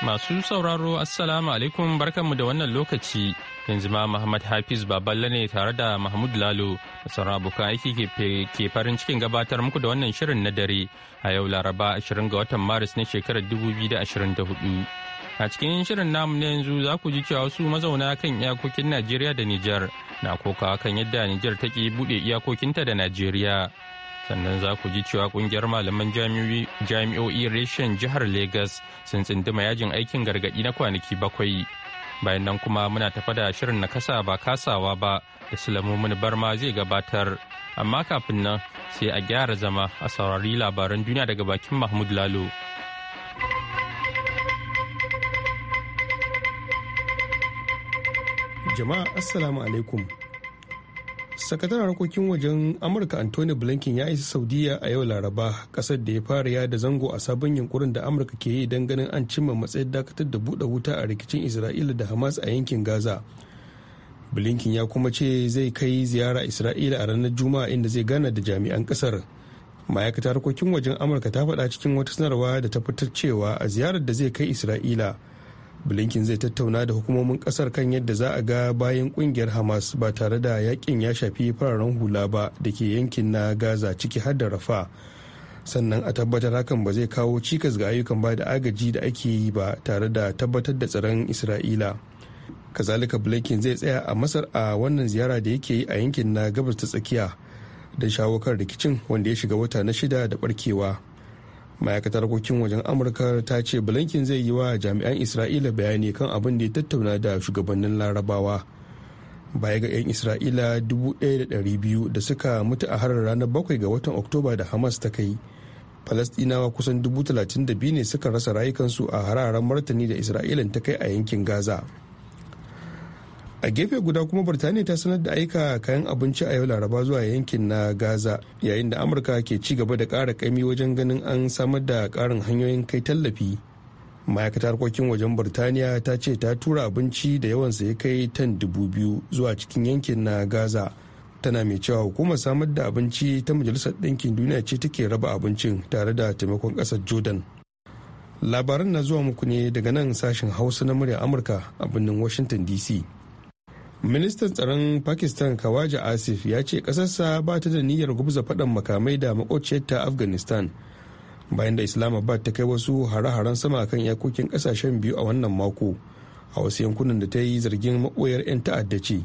Masu sauraro Assalamu alaikum barkanmu da wannan lokaci yanzu ma Muhammad Hafiz Baballe ne tare da Mahmud Lalo da sauran abokan aiki ke farin cikin gabatar muku da wannan shirin na dare a yau Laraba 20 ga watan Maris na shekarar 2024. A cikin shirin namu na yanzu za ku ji cewa wasu mazauna kan iyakokin Najeriya da Nijar na kokawa kan yadda Nijar take buɗe iyakokinta da Najeriya. sannan za ku ji cewa kungiyar malaman jami'o'i reshen jihar Legas sun tsinduma yajin aikin gargadi na kwanaki bakwai bayan nan kuma muna tafa da shirin na kasa ba kasawa ba da sulamomin barma zai gabatar amma kafin nan sai a gyara zama a saurari labaran duniya daga bakin mahmud lalo jama'a assalamu alaikum sakataren harkokin wajen amurka anthony blinken ya isa saudiya a yau laraba kasar da ya fara yada zango a sabon yunkurin da amurka ke yi don ganin an cimma matsayin dakatar da buɗe wuta a rikicin isra'ila da hamas a yankin gaza blinken ya kuma ce zai kai ziyara isra'ila a ranar juma'a inda zai gana da jami'an kasar ma'aikatar harkokin wajen amurka ta faɗa cikin wata sanarwa da ta fitar cewa a ziyarar da zai kai isra'ila blinken zai tattauna da hukumomin kasar kan yadda za a ga bayan kungiyar hamas ba tare da yakin ya shafi fararen hula ba da ke yankin na gaza ciki har da rafa sannan a tabbatar hakan ba zai kawo cikas ga ayyukan ba da agaji da ake yi ba tare da tabbatar da tsaron isra'ila kazalika blinken zai tsaya a masar a wannan ziyara da yake yi a yankin na gabas ta tsakiya da shawo kan rikicin wanda ya shiga wata na shida da barkewa. ma'aikatar harkokin wajen amurka ta ce blinken zai yi wa jami'an isra'ila bayani kan abin da ya tattauna da shugabannin larabawa baya ga 'yan isra'ila 1,200 da suka mutu a harar ranar 7 ga watan oktoba da hamas ta kai falastinawa kusan 32 ne suka rasa rayukansu a hararen martani da isra'ilan ta kai a yankin gaza a gefe guda kuma birtaniya ta sanar da aika kayan abinci a yau laraba zuwa yankin na gaza yayin da amurka ke ci gaba da kara ƙaimi wajen ganin an samar da karin hanyoyin kai tallafi ma'aikatar harkokin wajen birtaniya ta ce ta tura abinci da yawan ya kai tan dubu biyu zuwa cikin yankin na gaza tana mai cewa hukumar samar da abinci ta majalisar ɗinkin duniya ce take raba abincin tare da taimakon ƙasar jordan labaran na zuwa muku ne daga nan sashen hausa na murya amurka a birnin washington dc ministan tsaron pakistan kawaja asif ya ce kasarsa ba ta da niyyar gubza faɗan makamai da makociyar ta afghanistan bayan da islamabad ta kai wasu hare-haren sama kan iyakokin ƙasashen biyu a wannan mako a wasu yankunan da ta yi zargin makoyar 'yan ta'adda ce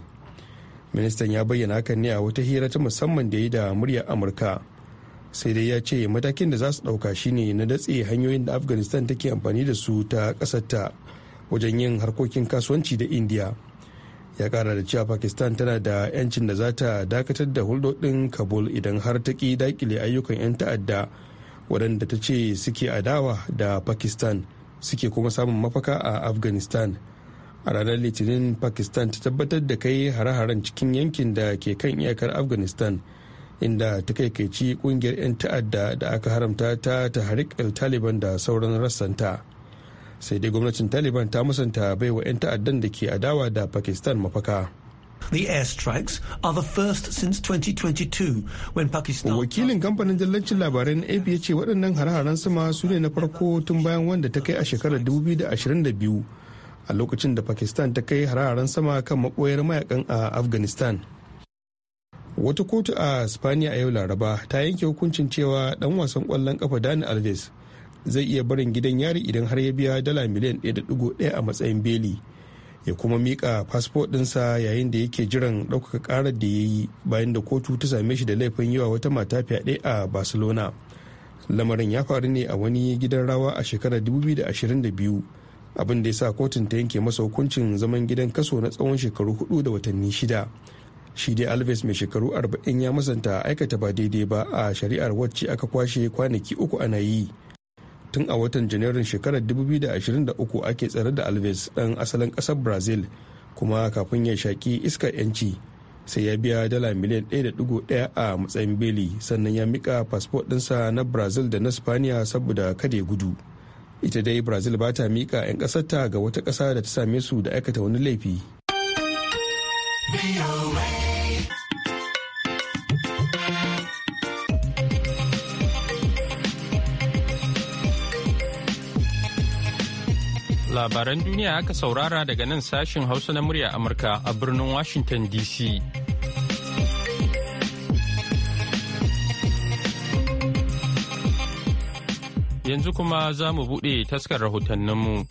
ministan ya bayyana hakan ne a wata hira ta musamman da ya yi da muryar amurka sai dai ya ce matakin da za su ɗauka shine na datse hanyoyin da afghanistan take amfani da su ta ƙasarta wajen yin harkokin kasuwanci da indiya ya kara da cewa pakistan tana da 'yancin da za ta dakatar da hulɗoɗin kabul idan har ta ƙi dakile ayyukan 'yan ta'adda waɗanda ta ce suke adawa da pakistan suke kuma samun mafaka a afghanistan a ranar litinin pakistan ta tabbatar da kai hare-haren cikin yankin da ke kan iyakar afghanistan inda ta kai ci kungiyar 'yan ta'adda da aka haramta ta tahrik el taliban da sauran rassanta. sai dai gwamnatin taliban ta musanta baiwa 'yan ta'addan da ke adawa da pakistan mafaka The airstrikes are the first since 2022 when Pakistan... Wakilin kamfanin jallancin labaran AP ya ce waɗannan hare-haren sama su ne na farko tun bayan wanda ta kai a shekarar 2022 a lokacin da Pakistan ta kai hare-haren sama kan makoyar mayakan a Afghanistan. Wata kotu a Spaniya a yau Laraba ta yanke hukuncin cewa ɗan wasan ƙwallon kafa Dani Alves zai iya barin gidan yari idan har ya biya dala miliyan 1.1 a matsayin beli ya kuma mika fasfo ɗinsa yayin da yake jiran ɗaukaka karar da ya yi bayan da kotu ta same shi da laifin yi wa wata mata fyaɗe a barcelona lamarin ya faru ne a wani gidan rawa a shekarar 2022 abin da ya sa kotun ta yanke masa hukuncin zaman gidan kaso na tsawon shekaru hudu da watanni shida shi dai alves mai shekaru 40 ya masanta aikata ba daidai ba a shari'ar wacce aka kwashe kwanaki uku ana yi tun a watan janairun shekarar 2023 ake tsare da alves ɗan asalin ƙasar brazil kuma kafin ya shaki iskar 'yanci sai ya biya dala miliyan 1.1 a matsayin beli sannan ya mika fasfo ɗinsa na brazil da na spaniya saboda kada ya gudu ita dai brazil ba ta mika 'yan ƙasarta ga wata ƙasa da ta same su da aikata wani laifi. Labaran duniya aka saurara daga nan sashin Hausa na murya Amurka a birnin Washington DC. Yanzu kuma za mu buɗe taskar rahotanninmu.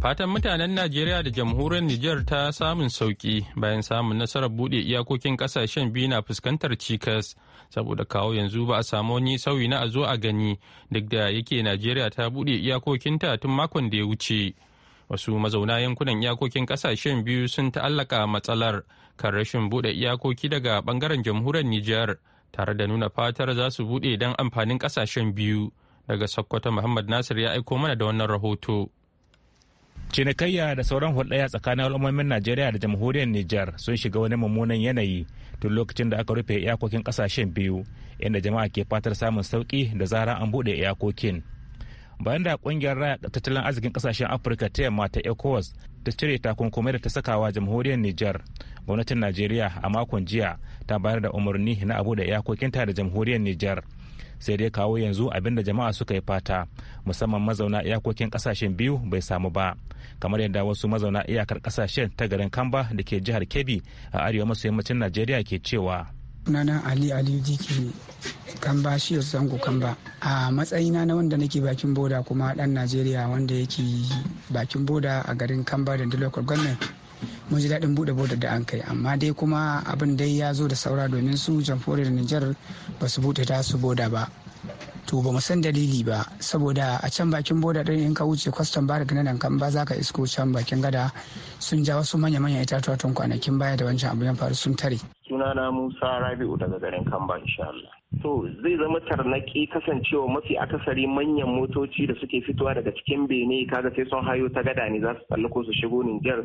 Fatan mutanen Najeriya da jamhuriyar Nijar ta samun sauƙi bayan samun nasarar buɗe iyakokin ƙasashen biyu na fuskantar cikas. saboda kawo yanzu ba a samu wani sauyi na a zo a gani duk da yake najeriya ta buɗe iyakokinta tun makon da ya wuce wasu mazauna yankunan iyakokin kasashen biyu sun ta'allaka matsalar kan rashin bude iyakoki daga bangaren jamhuriyar Nijar tare da nuna fatar za su buɗe don amfanin kasashen biyu daga Sokoto Muhammad Nasir ya aiko mana da wannan rahoto. cinikayya da sauran hulɗaya tsakanin al'ummomin najeriya da jamhuriyar nijar sun shiga wani mummunan yanayi tun lokacin da aka rufe iyakokin ƙasashen biyu inda jama'a ke fatar samun sauki da zara an buɗe iyakokin bayan da kungiyar raya tattalin arzikin kasashen afirka ta yamma ta ecowas ta cire takunkumai da ta sakawa jamhuriyar niger gwamnatin najeriya a makon jiya ta bayar da umarni na abu da iyakokinta da jamhuriyar niger sai dai kawo yanzu abin da jama'a suka yi fata musamman mazauna iyakokin kasashen biyu bai samu ba kamar yadda wasu mazauna iyakar kasashen ta garin kamba da ke jihar kebbi a arewa maso yammacin najeriya ke cewa sunana ali aliyu jiki kamba shi zango kamba a matsayina na wanda nake bakin boda kuma dan najeriya wanda yake bakin boda a garin kamba da dalokar gwamnati mun ji daɗin buɗe bodar da an kai amma dai kuma abin dai ya zo da saura domin su da nijar ba su buɗe ta su boda ba to ba mu san dalili ba saboda a can bakin boda ɗin in ka wuce kwastam ba na nan kan ba za ka isko can bakin gada sun ja wasu manya-manyan itatuwa tun kwanakin baya da wancan abu ya faru sun tare sunana Musa Rabi'u daga garin Kamba insha Allah. To zai zama tarnaki kasancewa mafi akasari manyan motoci da suke fitowa daga cikin Bene kaga sai sun hayo ta gada ne za su tsallako su shigo Nijar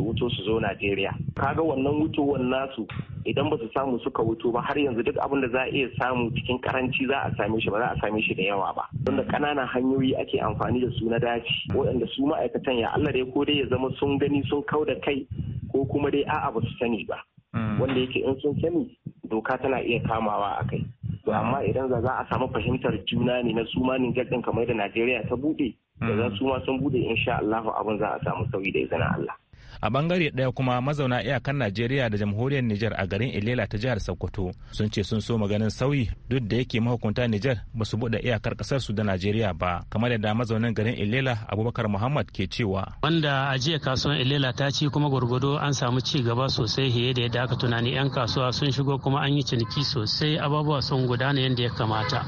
su wuto su zo Najeriya. Kaga wannan wutowan nasu idan ba su samu suka wuto ba har yanzu duk abin da za a iya samu cikin karanci za a same shi ba za a same shi da yawa ba. Don da hanyoyi ake amfani da su na daci waɗanda su ma'aikatan ya Allah dai ko dai ya zama sun gani sun kau da kai ko kuma dai a'a ba su sani ba. Mm. Wanda yake in sun sani doka tana iya kamawa a kai. to amma mm. idan za a samu fahimtar juna ne na suma gadin kamar da Najeriya ta buɗe da za mm. su ma sun bude insha Allah abin za a samu sauyi da izinin Allah a bangare daya kuma mazauna iyakan najeriya da jamhuriyar niger a garin ilela ta jihar sokoto sun ce sun so maganin sauyi duk da yake mahukunta niger ba su buɗe iyakar ƙasar su da najeriya ba kamar yadda mazaunin garin ilela abubakar muhammad ke cewa wanda a jiya kasuwan ilela ta ci kuma gwargwado an samu ci gaba sosai fiye da yadda aka tunani yan kasuwa sun shigo kuma an yi ciniki sosai ababuwa sun gudana yadda ya kamata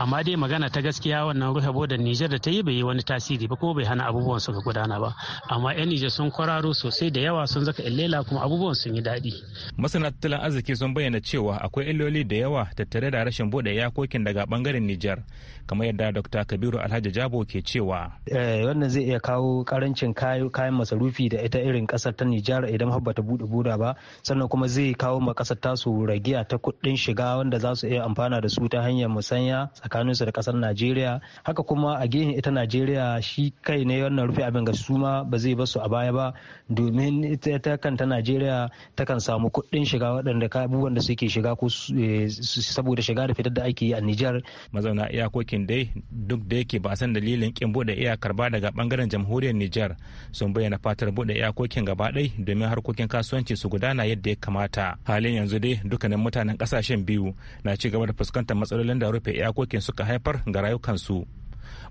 amma dai magana ta gaskiya wannan rufe bodan niger da ta yi bai yi wani tasiri ba kuma bai hana abubuwan suka gudana ba amma yan niger sun kwararo sosai da yawa sun zaka illela kuma abubuwan sun yi daɗi. Masana tattalin arziki sun bayyana cewa akwai illoli da yawa tattare da rashin buɗe yakokin daga bangaren Nijar kamar yadda Dr. Kabiru Alhaji Jabo ke cewa. Eh, wannan zai iya kawo karancin kayan masarufi da ita irin kasar ta Nijar idan har bata buɗe buda ba sannan kuma zai kawo ma ƙasar tasu ragiya ta kuɗin shiga wanda za su iya amfana da su ta hanyar musanya tsakanin su da kasar Najeriya haka kuma a gehen ita Najeriya shi kai ne wannan rufe abin ga su ba zai basu a baya ba ba domin ita kanta najeriya kan samu kuɗin shiga waɗanda abubuwan da suke shiga ko eh, saboda shiga da fitar da ake yi a nijar mazauna iyakokin dai duk da yake ba san dalilin kin buɗe iyakar ba daga bangaren jamhuriyar nijar sun bayyana fatar buɗe iyakokin gaba ɗai domin harkokin kasuwanci su gudana yadda ya kamata halin yanzu dai dukkanin mutanen kasashen biyu na ci gaba da fuskantar matsalolin da rufe iyakokin suka haifar ga rayukansu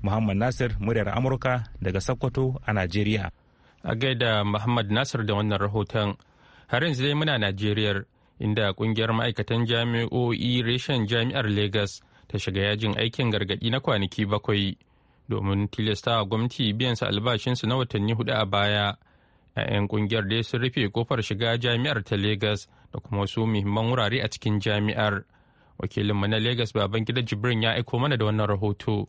Muhammad Nasir muryar Amurka daga Sokoto a Najeriya. a gaida Muhammad Nasir da wannan rahoton. Har yanzu dai muna Najeriya inda kungiyar ma'aikatan jami'o'i reshen jami'ar Legas ta shiga yajin aikin gargaɗi na kwanaki bakwai domin tilasta gwamnati biyan su albashinsu na watanni hudu a baya. 'Ya'yan kungiyar dai sun rufe kofar shiga jami'ar ta Legas da kuma wasu muhimman wurare a cikin jami'ar. Wakilinmu na Legas Babangida Jibrin ya aiko mana da wannan rahoto.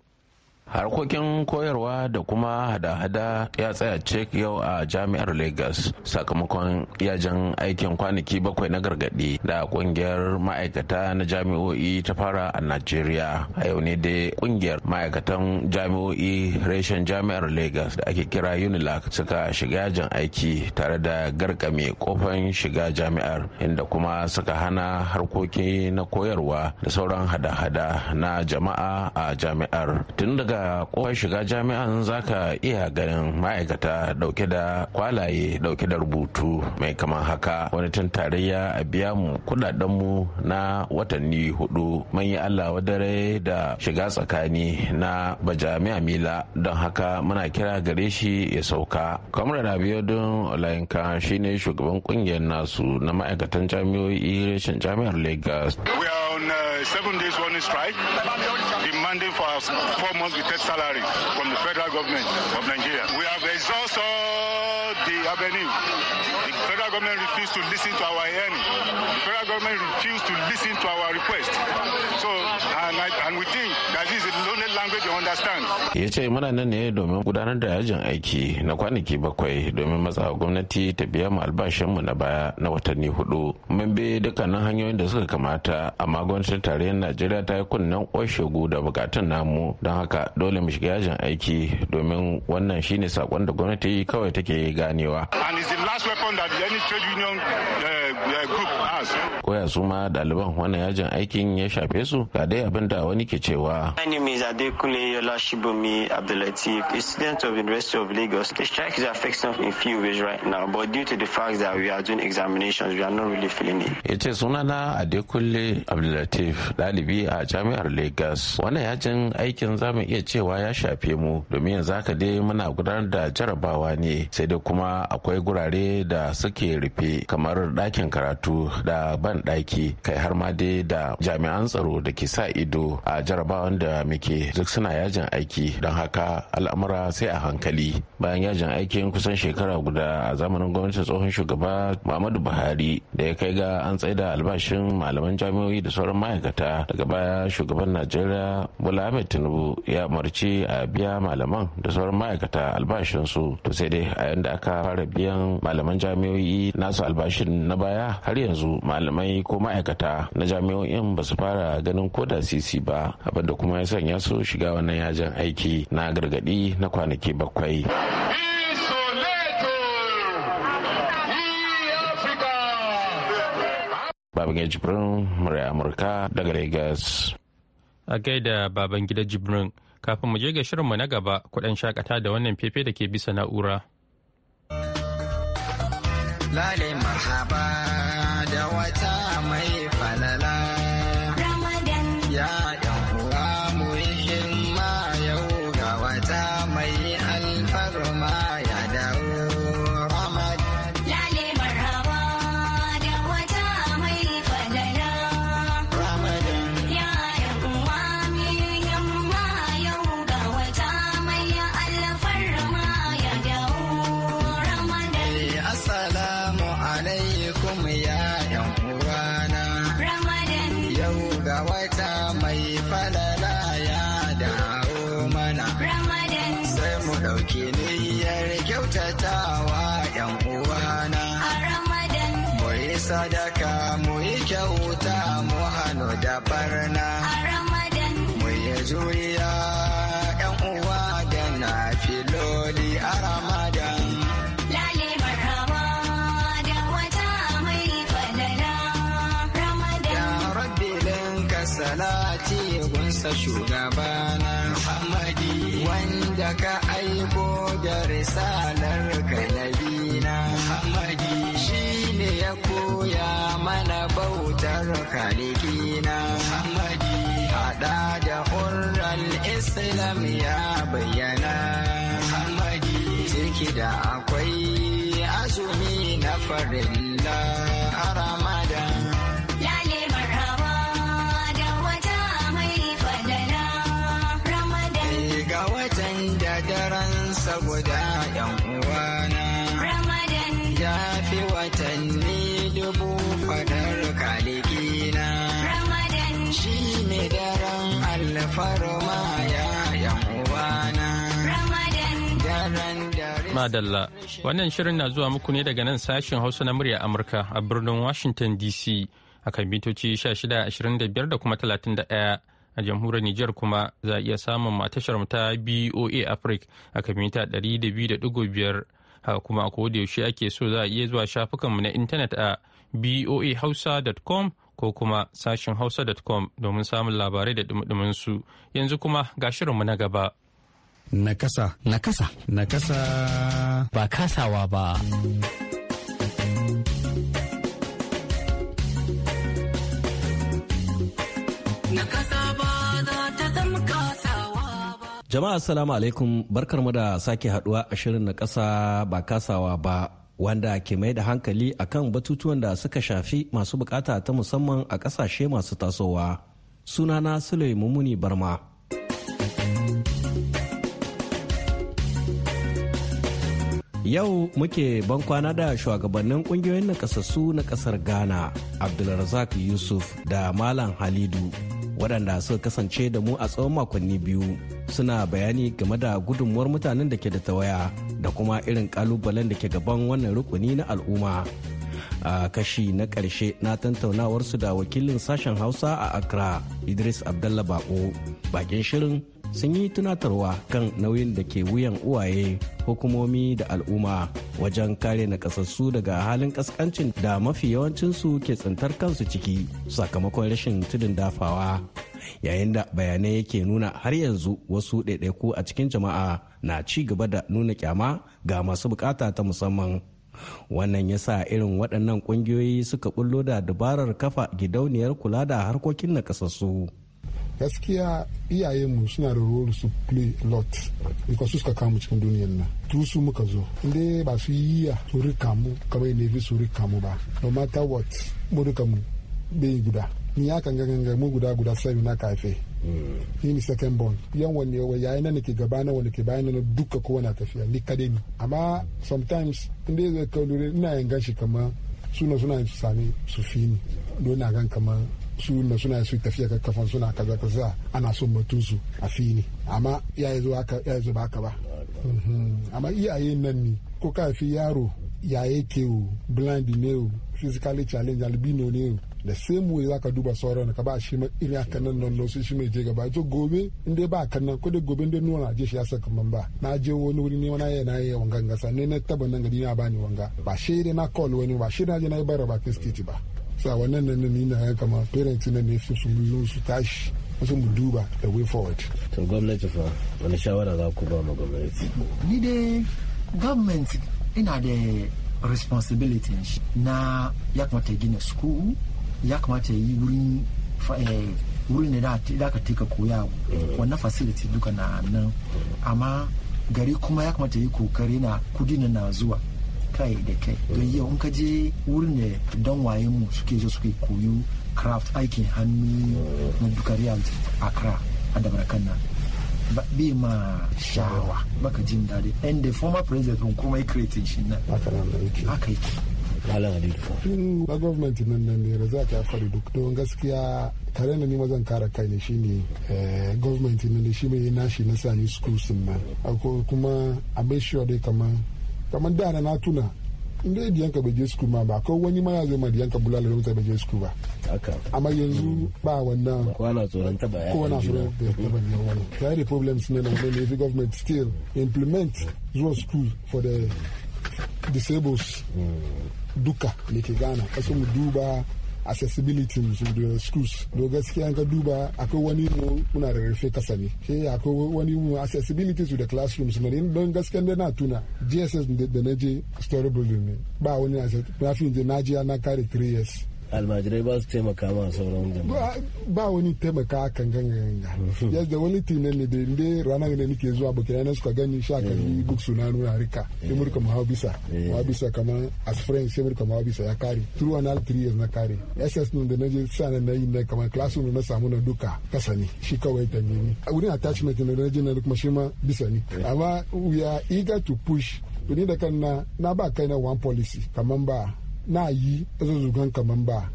harkokin koyarwa da kuma hada-hada ya tsaya cek yau a jami'ar lagos sakamakon yajin aikin kwanaki bakwai na gargadi da kungiyar ma'aikata na jami'o'i ta fara a nigeria a yau ne dai kungiyar ma'aikatan jami'o'i reshen jami'ar lagos da ake kira unilag suka shiga yajin aiki tare da gargame kofan shiga jami'ar inda kuma suka hana harkoki na koyarwa da sauran hada-hada na jama'a a jami'ar tun daga daga kofar shiga jami'an zaka iya ganin ma'aikata dauke da kwalaye dauke da rubutu mai kama haka tun tarayya a biya mu kudaden mu na watanni hudu yi allah wadare da shiga tsakani na bajami'a mila don haka muna kira gare shi ya sauka kamar abiodun olayinka shine shugaban kungiyar nasu na ma'aikatan jami'o'i reshen jami'ar lagos standing for us four months we take salary from the federal government of Nigeria. We have exhausted the avenue government refused to listen to our hearing. The federal government refused to listen to our request. So, and, I, and we think that this is the only language you understand. Ya ce muna nan ne domin gudanar da yajin aiki na kwanaki bakwai domin matsa gwamnati ta biya mu albashinmu na baya na watanni hudu. Mun bi dukkanin hanyoyin da suka kamata amma gwamnatin tarayyar Najeriya ta yi kunnen oshegu da bukatun namu don haka dole mu shiga yajin aiki domin wannan shine sakon da gwamnati kawai take ganewa. And is the last weapon that any Trade Union uh, uh, Group has. Hein. koya su ma ɗaliban wannan yajin aikin ya shafe su ga dai abin da wani ke cewa. My name is Adekunle Yola Shibumi Abdulatif, a student of University of Lagos. The strike is affecting us in few ways right now, but due to the fact that we are doing examinations, we are not really feeling it. Ya ce sunana Adekunle Abdulatif, ɗalibi a jami'ar Lagos. Wannan yajin aikin za mu iya cewa ya shafe mu domin yanzu haka dai muna gudanar da jarabawa ne sai dai kuma akwai gurare da suke rufe kamar ɗakin karatu da ban ɗaki kai har ma dai da jami'an tsaro da ke sa ido a jarabawan da muke duk suna yajin aiki don haka al'amura sai a hankali bayan yajin aikin kusan shekara guda a zamanin gwamnatin tsohon shugaba muhammadu buhari da ya kai ga an da albashin malaman jami'o'i da sauran ma'aikata daga baya shugaban najeriya bola ahmed tinubu ya umarci a biya malaman da sauran ma'aikata albashinsu to sai dai a yanda aka fara biyan malaman jami'o'i nasu albashin na baya har yanzu malamai malamai ko ma'aikata na jami'o'in ba su fara ganin koda sisi ba abinda kuma ya sanya su shiga wannan yajin aiki na gargadi na kwanaki bakwai. Babangida Jibrin murai Amurka daga Lagos. A gaida Babangida Jibrin kafin mu je ga shirinmu na gaba kudin shakata da wannan fefe da ke bisa na'ura. Lale mahaba da wata ce gunsa shugabana Muhammadi wanda ka aiko da risalar kalabina. nabina shi ne ya koya mana bautar kalikina Muhammadi hada da hurral Islam ya bayyana Muhammadi ciki da akwai azumi na farin farilla saboda yan uwana ramadan ya fi watanni dubu fadar kalikina ramadan shi ne daren alfarma ya yan uwana ramadan daren Madalla, wannan shirin na zuwa muku ne daga nan sashen Hausa na murya Amurka a birnin Washington DC. a akan mitoci 1625 da kuma 31 a jamhuriyar Nijar kuma za a iya samun matashar ta BOA Africa a kan mita 200.5 haka kuma ko da yaushe ake so za a iya zuwa shafukan mu na intanet a boahausa.com ko kuma sashin hausa.com domin samun labarai da dumudumin su yanzu kuma ga mu na gaba. Nakasa. Nakasa. Nakasa. Ba kasawa ba. Jama'a salamu alaikum barkar mu da sake haduwa a shirin na kasa ba kasawa ba wanda ke mai da hankali akan batutuwan da suka shafi masu bukata ta musamman a kasashe masu tasowa. Sunana Sule Mumuni Barma. Yau muke bankwana da shugabannin kungiyoyin nakasassu na kasar Ghana, Abdulrazak Yusuf da Malam Halidu. waɗanda suka kasance da mu a tsawon makonni biyu suna bayani game da gudunmuwar mutanen da ke da tawaya da kuma irin kalubalen da ke gaban wannan rukuni na al'umma a kashi na ƙarshe na su da wakilin sashen hausa a accra idris abdallah bako bakin shirin sun yi tunatarwa kan nauyin da ke wuyan uwaye hukumomi da al'umma wajen kare naƙasassu daga halin kaskancin da mafi yawancinsu ke tsantar kansu ciki sakamakon rashin tudun dafawa yayin da bayanai yake nuna har yanzu wasu ɗaiɗaiku a cikin jama'a na ci gaba da nuna kyama ga masu bukata ta musamman wannan ya sa irin waɗannan ƙungiyoyi suka bullo da dabarar kafa gidauniyar kula da harkokin nakasassu gaskiya iyayenmu suna da role su play lot because su suka kamu cikin duniyar nan tu su muka zo inda ba su yi ya su rika mu kamar nevi su rika mu ba no matter what mu rika mu bai guda ni ya kan ganganga mu guda guda sai na kafe ni ni second born yan wani yawa yayi na nake gaba na wani ke bayan na duka kowa na tafiya ni kade ni amma sometimes inda zai ka lura ina yin gashi kamar suna suna sami su fi ni don na gan kamar suna suna su tafiya ka kafan suna kaza kaza ana son mutum su a fi ni amma ya zo zo ba ka mhm. ba amma iyaye nan ne ko ka fi yaro ya yake o blind ne o physically challenge albino ne o da same way zaka duba sauran ka ba shi in ya kanan nan lo shi mai je gaba to gobe in dai ba kanan ko dai gobe dai nuna je shi ya saka man ba na je wani wuri ne wani ya na yi wanga ngasa ne na taba nan gari na bani wanga ba shi dai na call wani ba shi na je na yi bara ba state ba sa wannan nan ni na ya kama parents ne ne su su tashi wasu mu duba da way forward to gwamnati fa wani shawara za ku ba mu gwamnati ni dai government ina da responsibility na ya kamata gina school ya kamata ya yi wurin eh, wurin da da ka ka koya wannan facility duka na nan amma gari kuma ya kamata ya yi kokari na kudi na na zuwa kai da kai don yau in ka je wurin da don waye mu suke zo suke koyo craft aikin hannu na duka real accra a dabarkan nan bi ma shawa baka jin daɗi and the former president kuma ya creating shi nan haka yake malam halidu hmm, ba gwamnati nan nan ne za ta fari duk don gaskiya tare da ni ma zan kara kai ne shine eh, gwamnati nan ne shi mai nashi na sani schools nan kuma abin shi dai kamar kamar da na tuna inda ya diyanka bai je sku ma ba ko wani ma ya zo ma ka bulala da mutane bai je sku ba amma yanzu hmm. ba wannan ko ana tsoron taba ya ko ana tsoron taba ne wannan tare da problems ne na wani ne fi government still implement zuwa school for the disables mm. duka da ke gana kasu mu duba accessibility da schools da gaskiya ka duba akwai wani mu muna da rufe kasa ne ke akwai wani mu accessibility su da classrooms ne don gaskiya da na tuna JSS da na je story building ne ba wani na fi je na je na kare 3 years almajirai ba su taimaka ma sauran jama'a ba wani taimaka kan ganga yadda wani tinan ne da inda ranar da nake zuwa bakina na suka gani sha kan duk eh. suna nuna rika imurka mu bisa eh. mu bisa kamar as friends sai murka bisa ya kare through an all three years na kare ss nun da na je sa na yi na kamar classroom na samu na duka kasa ne shi kawai ta ne a wurin attachment na da na je na kuma shi ma bisa ne eh. amma we are eager to push to ni da kan na na ba kai na one policy kaman ba na yi zuzugan kaman ba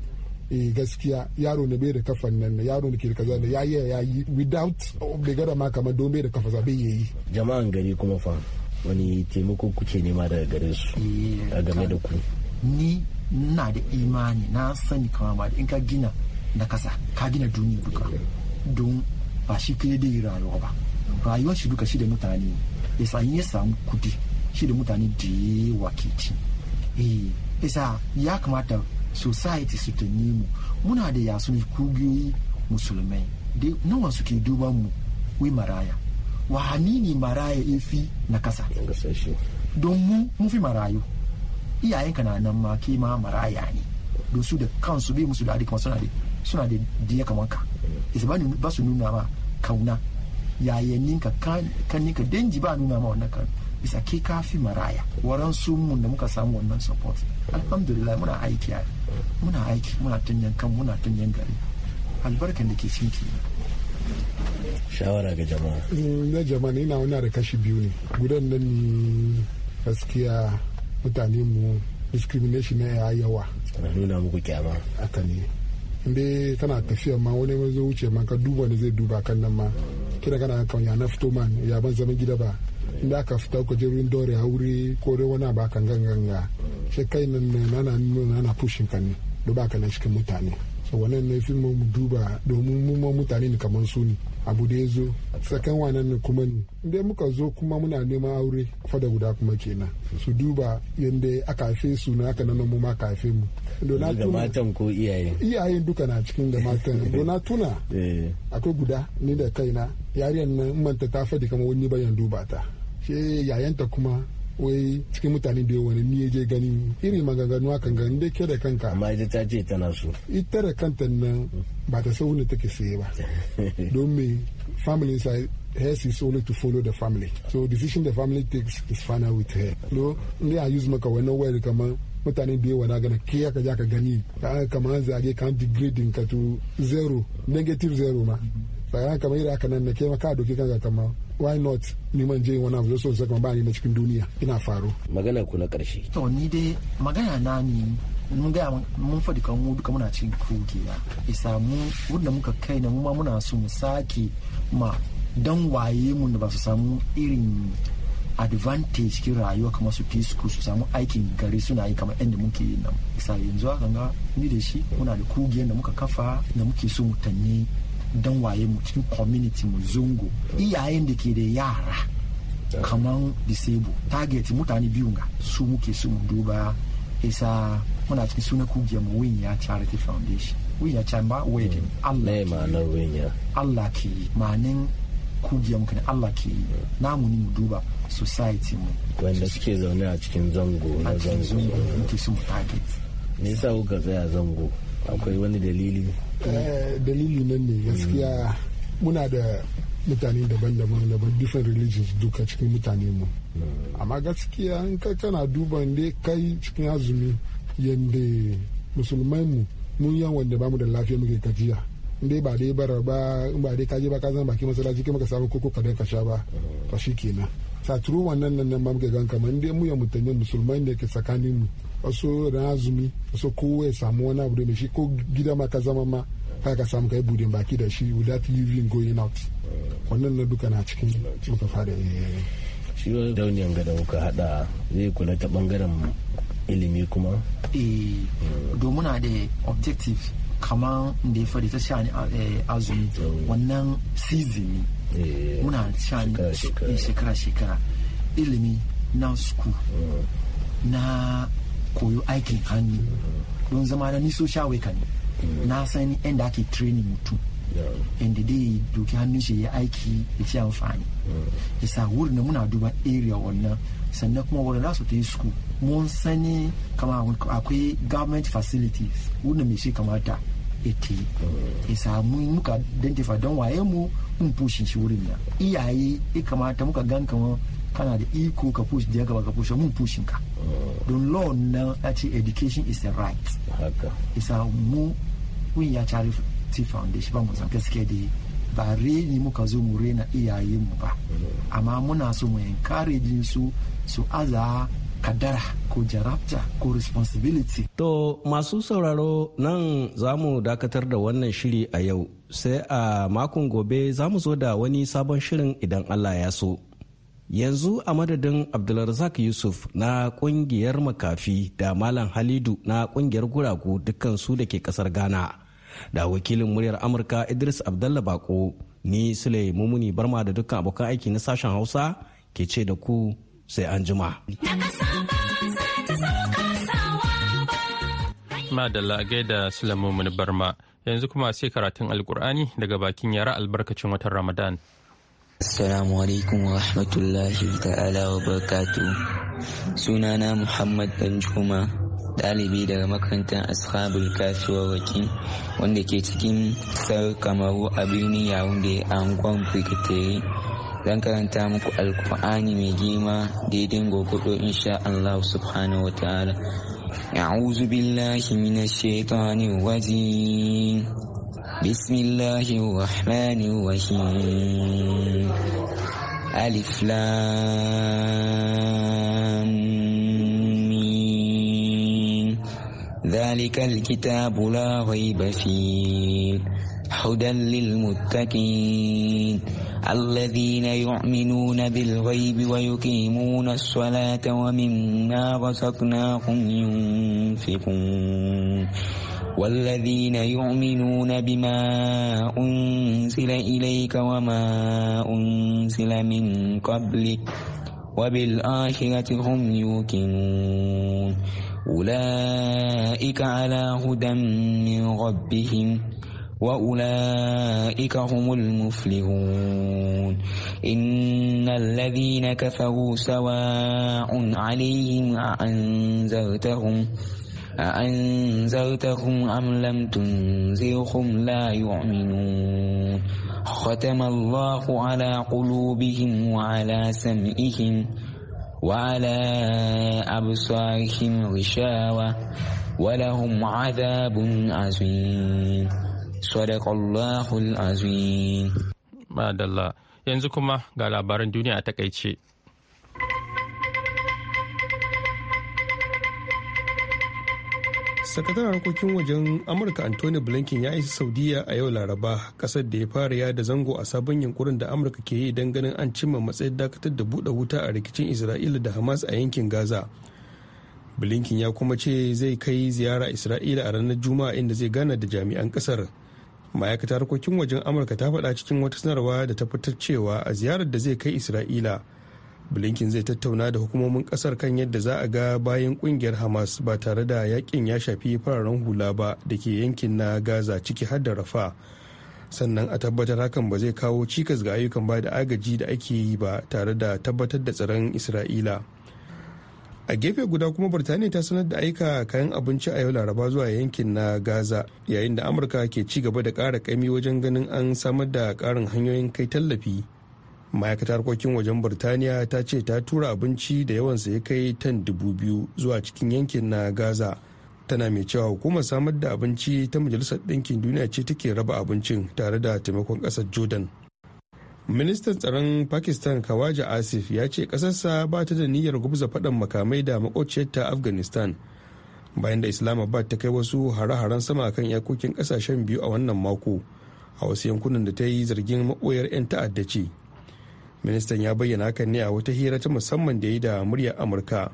e gaskiya yaro ne bai da kafan nan yaro ne ke da kaza ya yi ya yi without oh, bai gada ma kamar don bai da kafa bai yi jama'an gari kuma fa wani taimako kuke nema daga gare su a game da ku ni na da imani na sani kama ba in ka gina na kasa ka gina duniya duka don ba shi kai da rayuwa ba rayuwar shi duka shi da mutane ya samu ya samu kudi shi da mutane da yawa ke ci eh isa ya kamata society su ta mu muna da yasu ne kugiyoyi musulmai da nawa suke duban mu wai maraya wa ne maraya fi na kasa don mu mun fi marayu iyayenka na nan ma ke ma maraya ne don su da kansu bai musu da adi kamar suna da suna da diya kamar ka mm. isa ba su nuna ma kauna yayanninka ninka danji ba nuna ma wannan kauna bisa ke kafi maraya waran su mun da muka samu wannan support alhamdulillah muna aiki muna aiki muna tunyan kan muna tunyan gari albarkan da ke cinki shawara ga jama'a eh, na jama'a ina wani da kashi biyu ne gudan nan ne gaskiya mutane mu discrimination ya yawa na nuna muku kyama haka ne inda kana tafiya ma wani mai zai wuce ma ka duba ne zai duba kan nan ma kira kana kan ya na fito ma ya ban zaman gida ba inda aka fita ku je wurin dore wuri ko dai wani abu akan ganganga shi kai nan nana nuna nana pushin ka ne b'a ka na cikin mutane so wannan ne f'i mu duba domin mu ma mutane ne kamar su ne abu da ya zo sakan wannan ne kuma ne inda muka zo kuma muna neman aure fada guda kuma kenan su duba yadda a kafe su na aka nan mu ma kafe mu da matan ko iyaye iyayen duka na cikin da matan dona tuna eh. akwai guda ni da kaina yariyan nan manta ta fadi kamar wani bayan duba ta she yayanta kuma wai cikin mutane da wani ni je gani irin maganganu kan ga inda ke da kanka amma ita ta ce tana so ita da kanta nan ba ta sau ne take saye ba don me family sa has is only to follow the family so decision the family takes is final with her no ne a use maka wannan wayar kamar mutane da yawa na gana ke ya kaja ka gani kamar zage kan degrading ka to zero negative zero ma tsakanin kamar irin haka nan na ke maka doki kan ga kamar why not neman je wani abu so ba ni na cikin duniya ina faru. magana ku na karshe to ni dai magana na ni mun ga mun fadi kan mu duka muna cikin kuge ya isa mu wanda muka kai na mu muna so mu sake ma dan waye mu da ba su samu irin advantage ke rayuwa kamar su fisku su samu aikin gari suna yi kamar yadda muke yi nan isa yanzu haka ga ni da shi muna da kugiyar da muka kafa da muke so mutane. don waye mu cikin community mu Zungu iyayen da ke da yara kamar disable target mutane biyu ga su muke su mu duba isa muna cikin suna kugiyar mu winya charity foundation winya chamba wedding hmm. Allah ke Allah ke manin kugiyar mu Allah ke namu ne mu duba society mu wanda suke zaune a cikin zango na zango muke su mu target me yasa kuka tsaya zango akwai wani dalili Eh, dalili nan ne gaskiya muna da mutane daban-daban daban different religions duka cikin mutane mu amma gaskiya in kai kana duban dai kai cikin azumi yadda musulmai mu mun yan wanda bamu da lafiya muke gajiya dai ba dai bara ba in ba dai kaje ba ka zama baki masallaci kai maka samu koko kadan ka sha ba fa kenan saturu wannan nan nan ba muke gan kamar dai mu ya mutane musulmai ne ke tsakanin mu wasu da azumi wasu kowai samu wani abu da shi ko gida ma ka zama ma k'a ka samu ka yi budin baki da shi without living going out wannan na duka na cikin muka fara eh. shi dauniyan gada kuka hada zai kula ta bangaren ilimi kuma eh, domin da objective kamar da ya fari ta ni eh, azumi wannan season muna sha ni shekara-shekara ilimi na school na koyo aikin hannu don zama na ni social ne mm. na san inda ake training mutum inda dai doki hannun shi ya aiki ya ci amfani mm. wuri wurin muna duba area wannan sannan kuma wurin za ta yi suku mun sani kama akwai government facilities wurin mai shi kamata ita ya mm. samu muka identify don waye mu mun pushin shi wurin nan iyaye ya kamata muka gan kamar kana da iko ka push da ya gaba ka push mun pushin ka don mm. law nan a education is a right isa mu kungiya ti foundation ba mu san gaske da ba reni muka zo mu rena mu ba mm. amma muna so mu encourage su su aza kadara ko jarabta ko responsibility. To masu sauraro nan za mu dakatar da wannan shiri a yau sai a makon gobe za mu zo da wani sabon shirin idan Allah ya so. yanzu a madadin abdulrazak yusuf na kungiyar makafi da malam halidu na kungiyar guragu dukkansu da ke kasar ghana da wakilin muryar amurka idris abdullah bako ni sule mumuni barma da dukkan abokan aiki na sashen hausa ke ce da ku sai an jima madalla da sule mumuni barma yanzu kuma sai karatun alkur'ani daga bakin yara albarkacin watan ramadan Assalamu alaikum wa rahmatullahi ta'ala wa barakatu. Sunana Muhammad Danjuma, ɗalibi daga makarantar Ashabul Kasuwar Waki, wanda ke cikin sar Kamaru a birnin Yaounde a angon Brigiteri. Zan karanta muku Alkur'ani mai girma daidai gogodo insha Allah subhanahu wa ta'ala. Ya'uzu billahi من shaitani بسم الله الرحمن الرحيم ألف لام ذلك الكتاب لا ريب فيه هدى للمتقين الذين يؤمنون بالغيب ويقيمون الصلاة ومما رزقناهم ينفقون والذين يؤمنون بما أنزل إليك وما أنزل من قبلك وبالآخرة هم يوقنون أولئك على هدى من ربهم وأولئك هم المفلحون إن الذين كفروا سواء عليهم أأنذرتهم أنذرتهم أأنزلتهم أم لم تنزلهم لا يؤمنون ختم الله على قلوبهم وعلى سمعهم وعلى أبصارهم غشاوة ولهم عذاب عظيم صدق الله العظيم ما الله yanzu kuma ga labaran duniya a sakataren harkokin wajen amurka antony blinken ya isa saudiya a yau laraba kasar da ya fara yada zango a sabon yankurin da amurka ke yi don ganin an cimma matsayin dakatar da buɗe wuta a rikicin isra'ila da hamas a yankin gaza blinken ya kuma ce zai kai ziyara isra'ila a ranar juma'a inda zai gana da jami'an kasar ma'aikatar harkokin wajen amurka ta faɗa cikin wata sanarwa da ta fitar cewa a ziyarar da zai kai isra'ila blinken zai tattauna da hukumomin kasar kan yadda za a ga bayan kungiyar hamas ba tare da yakin ya shafi fararen hula ba da ke yankin na gaza ciki har da rafa sannan a tabbatar hakan ba zai kawo cikas ga ayyukan ba da agaji da ake yi ba tare da tabbatar da tsaron isra'ila a gefe guda kuma birtaniya ta sanar da aika kayan abinci a yau laraba zuwa yankin na gaza yayin da amurka ke ci gaba da ƙara kami wajen ganin an samar da ƙarin hanyoyin kai tallafi ma'aikatar harkokin wajen burtaniya ta ce ta tura abinci da yawansa ya kai tan dubu biyu zuwa cikin yankin na gaza tana mai cewa hukumar samar da abinci ta majalisar ɗinkin duniya ce take raba abincin tare da taimakon ƙasar jordan ministan tsaron pakistan kawaja asif ya ce ƙasarsa ba ta da niyyar gubza faɗan makamai da makwaciyar ta afghanistan bayan da islamabad ta kai wasu hare-haren sama kan iyakokin ƙasashen biyu a wannan mako a wasu yankunan da ta yi zargin maɓoyar 'yan ta'adda ce ministan ya bayyana hakan ne a wata hira ta musamman da ya yi da muryar amurka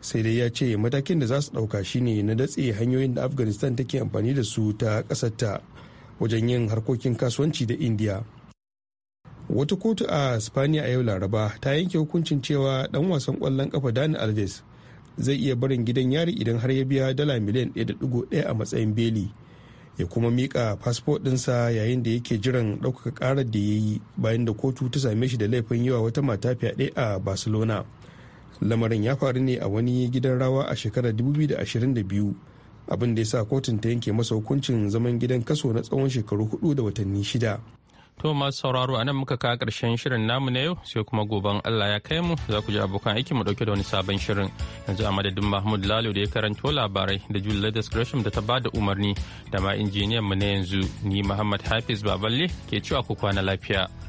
sai dai ya ce matakin da za su ɗauka shine na datse hanyoyin da afghanistan take amfani da su ta ƙasarta wajen yin harkokin kasuwanci da india. wata kotu a spaniya a yau laraba ta yanke hukuncin cewa dan wasan kwallon kafa dani alves zai iya barin gidan yari idan har ya biya dala miliyan 1.1 a matsayin beli ya kuma mika fasfo dinsa yayin da yake jiran ɗaukaka ƙarar da ya yi bayan da kotu ta same shi da laifin yawa wata mata fyaɗe a barcelona lamarin ya faru ne a wani gidan rawa a shekarar 2022 abin da ya sa kotun ta yanke masa hukuncin zaman gidan kaso na tsawon shekaru hudu da watanni shida To masu sauraro nan muka kawo karshen shirin namu na yau sai kuma goben Allah ya kai mu za ku ji abokan aiki mu dauke da wani sabon shirin yanzu a madadin Mahmud Lalo da ya karanto labarai da Julie Discretion da ta ba da umarni da ma injiniyan mu na yanzu ni Muhammad Hafiz Baballe ke cewa ku kwana lafiya.